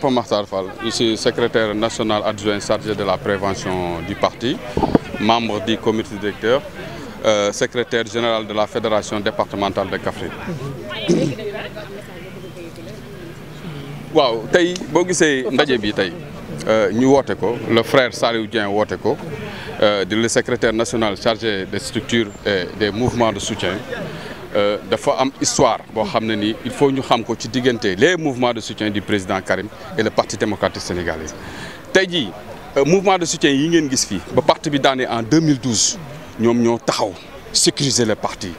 Papa Makhtar Fall, ici secrétaire national adjoint chargé de la prévention du parti, membre du comité directeur, euh, secrétaire général de la Fédération départementale de kafri waaw tey boo gisee ndaje bi tey euh, ñu woote ko le frère Saliou Dieng woote ko euh, di le secrétaire national chargé des structures et des mouvements de soutien Euh, dafa am histoire boo xam ne nii il faut ñu xam ko ci diggante les mouvements de soutien du président Karim et le parti démocratique sénégalais tey jii euh, mouvement de soutien yi ngeen gis fii ba parti bi daanee en 2012 ñoom ñoo taxaw sécuriser le parti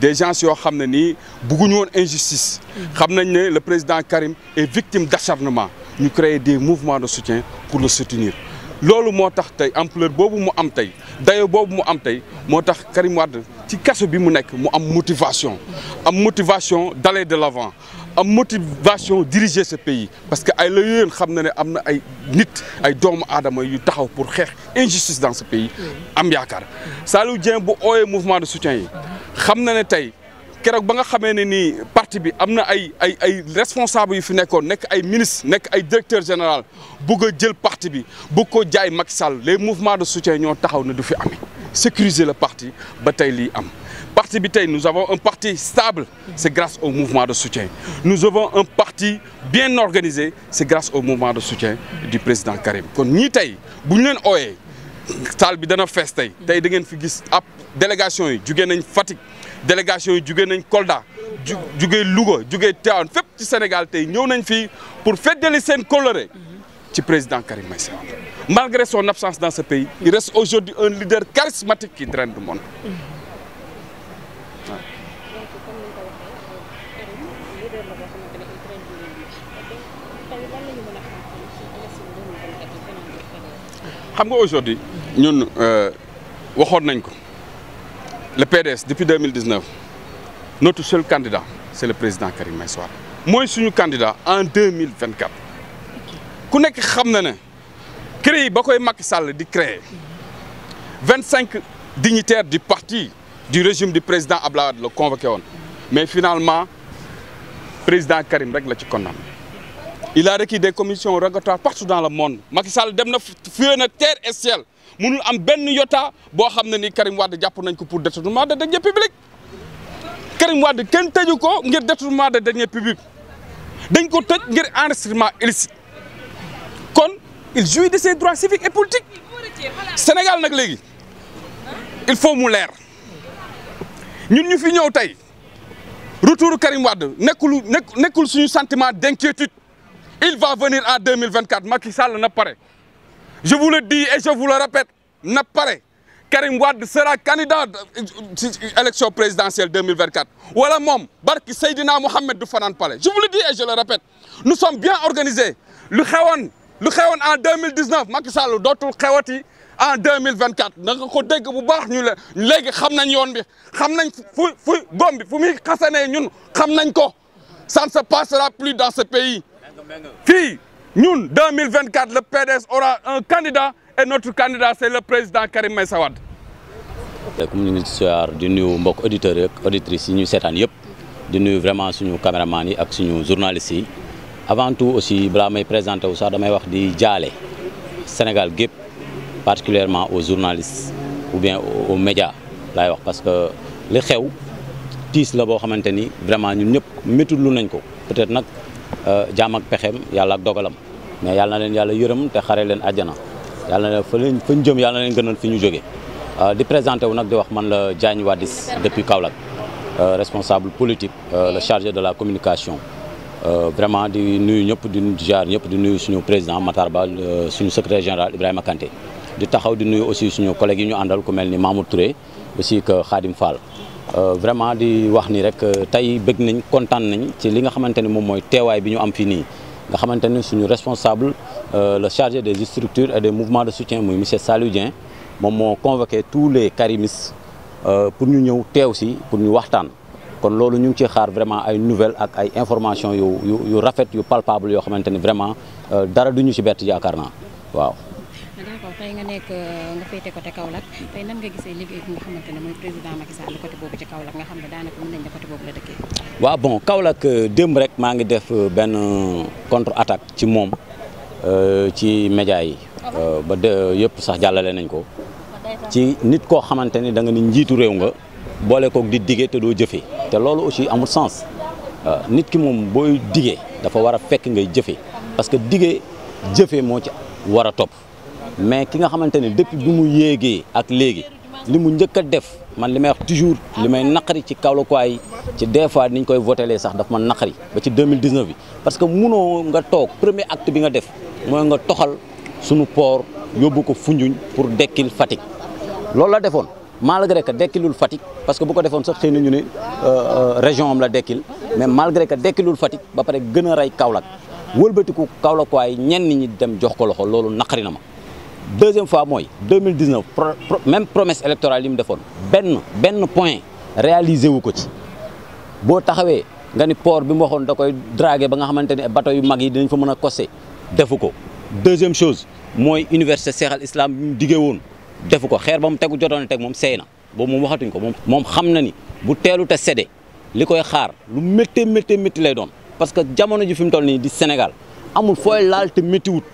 des gens yoo xam ne nii bëgguñu woon injustice xam nañ ne le président Karim est victime d'acharnement ñu créer des mouvements de soutien pour le soutenir loolu moo tax tey ampleur boobu mu am tey dayo boobu mu am tey moo tax Karim Wade ci kaso bi mu nekk mu am motivation am motivation d'aller de la l'avant am motivation diriger ce pays parce que ay la yéen xam na ne am na ay nit ay doomu aadama yu taxaw pour xeex injustice dans ce pays am yaakaar Saliou Dieng bu ooyee mouvement de soutien yi xam na ne tey keroog ba nga xamee ne nii parti bi am na ay ay ay responsable yu fi nekkoon nekk ay ministre nekk ay directeur général bugg jël parti bi bugg ko jaay Macky Sall les mouvements de soutien ñoo taxaw ne du fi amee sécuriser le parti ba tey lii am parti bi tey nous avons un parti stable c'est grâce au mouvement de soutien nu avons un parti bien organisé c'est grâce au mouvement de soutien du président Karim kon ñii tey bu ñu leen ooyee salle bi dana fees tey tey da ngeen fi gis ab délégation yi jugee nañ Fatick délégation yi jugee nañ Kolda ju jugee Louga jugee Tivaouane fépp ci Sénégal tey ñëw nañ fii pour feddali seen coloré ci président Karim Meïssa Wade Malgré son absence dans ce pays, il reste aujourd'hui un leader charismatique qui draine le monde. xam nga aujourd'hui ñun euh, waxoon nañ ko le PDS depuis 2019 notre seul candidat c'est le président Karim Meïssa Wade mooy suñu candidat en 2024 ku nekk xam na ne CREI ba koy Macky Sall di créer vingt cinq dignitaires du parti du régime du président Abdoulaye Wade la convoqué woon mais finalement président Karim rek la ci condamné il a requis des commissions rogatoires partout dans le monde Macky Sall dem na fuyee na terre et ciel mënul am benn yota boo xam ne ni Karim Wade jàpp nañ ko pour détournement de deniers publics Karim Wade kenn tëju ko ngir détournement de deniers publics dañ ko tëj ngir enregistrement illicite il jouit de ses droits civiques et politiques Sénégal nag léegi il faut mu leer ñun ñu fi ñëw tey retour Karim Wade nekkul nekkul suñu sentiment d'inquiétude il va venir en 2024 Macky Sall na pare je vous le dis et je vous le répète na pare Karim Wade sera candidat ci élection présidentielle 2024 wala moom barki Seydina Mohamed du fanaan palais je vous le dis et je le répète nous sommes bien organisés lu xewoon lu xewoon en deux mille dix neuf Macky Sall dootul xewati en deux mille vingt quatre na nga ko dégg bu baax ñu la léegi xam nañ yoon bi xam nañ fu fu góom bi fu muy xasanee ñun xam nañ ko ça ne se passera plus dans ce pays fii ñun deux mille vingt quatre le PDS aura un candidat et notre candidat c'est le président Karim Meïssa Wade. comme ñu ngi siyaar di nuyu mbokk auditeurs yi auditrices yi ñuy seetaan yëpp di nuyu vraiment suñu caméraman yi ak suñu journalistes yi. avant tout aussi balaa may présenté wu sax damay wax di jaale Sénégal gépp particulièrement au journalistes ou bien aux médias laay wax parce que li xew tiis la boo xamante ni vraiment ñun ñëpp méttul nañ ko peut-être nag euh, jaam ak pexeem yàlla ak dogalam mais yàlla na leen yàlla yërëm te xare leen àjjana yàlla na leen fa leen fa ñu yàlla na leen gënal fi ñu jógee euh, di présenté wu nag di wax man la Diagne Wadis depuis Kaolack euh, responsable politique le chargé de la communication Euh, vraiment di nuyu ñëpp di jaar ñëpp di nuyu suñu président Matar euh, suñu secrétaire général Ibrahima Kanté di taxaw di nuyu aussi suñu collègues yi ñu àndal ku mel ni Mamour Touré aussi que Khadim Fall. Euh, vraiment di wax ni rek tey bëgg nañ kontaan nañ ci li nga xamante ni moom mooy teewaay bi ñu am fii nii nga xamante ni suñu responsable le chargé des structures et des mouvements de soutien muy monsieur Saliou Dieng moom moo convoqué tous les carimis pour ñu ñëw teew si pour ñu waxtaan. kon loolu ñu ngi ciy xaar vraiment ay nouvelle ak ay information yu yu yu rafet yu palpable yoo xamante ni vraiment euh, dara duñu ci bett yaakaar naa waaw. d'accord euh, bon Kaolack euh, démb rek maa ngi def benn contre attaque ci moom ci média yi ba de yëpp sax jàllale nañ ko ci nit koo xamante ni da nga ni njiitu réew nga. boole kook di digee te doo jëfee te loolu aussi amul sens euh, nit ki moom booy digee dafa war a fekk ngay jëfee parce que digee jëfee moo ci war a topp mais ki nga xamante ne depuis bi mu yéegee ak léegi li mu njëkk a def man li may wax toujours li may naqari ci Kaolackois ci des fois niñ koy votelee sax dafa man naqari ba ci 2019 bi parce que munoo nga toog premier acte bi nga def mooy nga toxal sunu port yóbbu ko funjuñ pour dekkil Fatick loolu la defoon malgré que dekkilul Fatick parce que bu ko defoon sax xëy na ñu ne euh, euh, région am la dekkil mais malgré que dekkilul Fatick ba pare gën a rey Kaolack wëlbatiku Kaolack waay ñenn ñi dem jox ko loxo loolu naqari na ma. deuxième fois mooy 2019 même promesse électorale yi mu defoon benn benn point réaliser wu ko ci boo taxawee nga ni port bi mu waxoon da koy draguer ba nga xamante ne bateau yu mag yi dinañ fa mën a costé defu ko. deuxième chose mooy université Cheikh Al Islam bi woon. defu ko xeer ba mu tegu jotoon teg moom seey na boobu moom waxatuñ ko moom. moom xam na ni bu teelu te sede li koy xaar lu méttee méttee métti lay doon parce que jamono ji fi mu toll nii di Sénégal amul fooy laal te méttiwut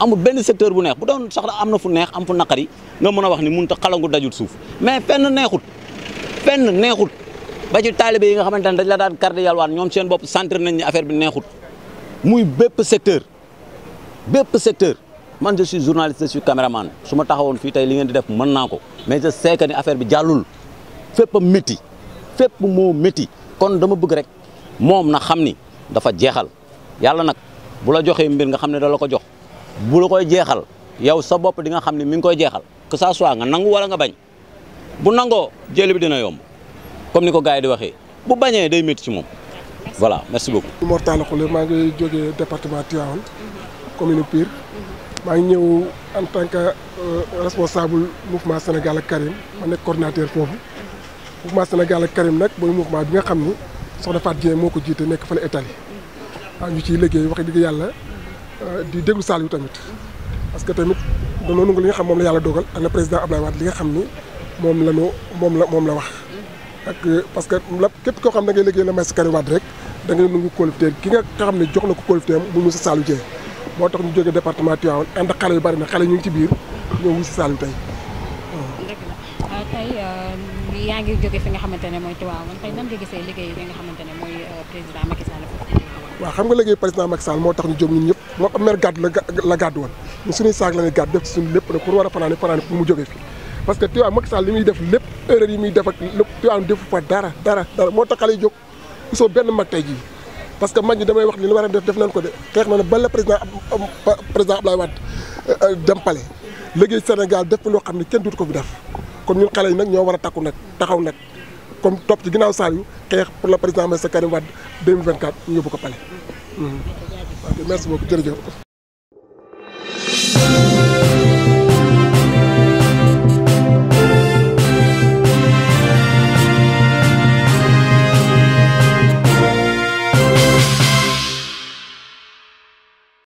amul benn secteur bu neex bu doon sax am na fu neex am fu naqari nga mën a wax ni mun ta xalangu dajul suuf mais fenn neexut fenn neexut ba ci taalibe yi nga xamante ne dañ la daan garder yalwaan ñoom seen bopp centre nañ ni affaire bi neexut muy bépp secteur bépp secteur. man je suis journaliste je suis caméraman ma taxawoon fii tey li ngeen di def mën naa ko mais je sais que ni affaire bi jàllul fépp a métti fépp moo métti kon dama bëgg rek moom na xam ni dafa jeexal yàlla nag bu la joxee mbir nga xam ne da ko jox bu la koy jeexal yow sa bopp di nga xam ne mi ngi koy jeexal que ça soit nga nangu wala nga bañ bu nangoo jël bi dina yomb comme ni ko gars yi di waxee bu bañee day métti ci moom voilà merci beaucoup. Mor maa ngi jógee département Tivaouane commune Pire. maa ngi ñëw en tant que euh, responsable mouvement Sénégal ak Karim ma nekk coordinateur foofu mouvement Sénégal ak Karim nag mooy mouvement bi nga xam ni soxna Fatou Dieng moo ko jiite nekk fële Italie waaw ñu ciy liggéey wax dëgg yàlla euh, di déglu saal tamit parce que tamit li xam moom la yàlla dogal ak le li nga xam ni moom la moom la moom la wax ak euh, parce que la képp ko xam ne ngay liggéey la may si Karim Wade rek da ngay nangu kóoluteem ki nga xam ne jox na ko kóoluteem mu Moussa Saliou Dieng moo tax ñu jóge département Tivaouane ànd xale yu bari na xale ñu ngi ci biir ñoo wusi Saloum tey. dëgg ah, tey euh, yaa ngi jóge fi nga xamante ne mooy Tivaouane tey nan nga gisee liggéey bi nga xamante ne mooy euh, président Macky moo tax ñu jóg ñun ñëpp moo am mer gàddu la gàdd gàddu woon ñun suñuy saag la ñuy def ci suñu lépp nag pour war a fanaane fanaane pour mu jógee fi parce que Tivaouane Macky Sall li muy def lépp erreur yi muy def ak lépp Tivaouane defu fa dara dara dara moo tax xale yi jóg gisoo benn mag tey jii parce que mag ñi damay wax li ñu war a def def nañ ko de xeex na ne ba la président président Ablaye Wade euh, euh, dem pale liggéey Sénégal def loo xam ne kenn duut ko bi def kon ñun xale yi nag ñoo war a takku nag taxaw nag comme topp ci ginnaaw Saliou xeex pour le président Macky Karim Wade 2024 ñu yóbbu ko palais. Hmm. ok merci beaucoup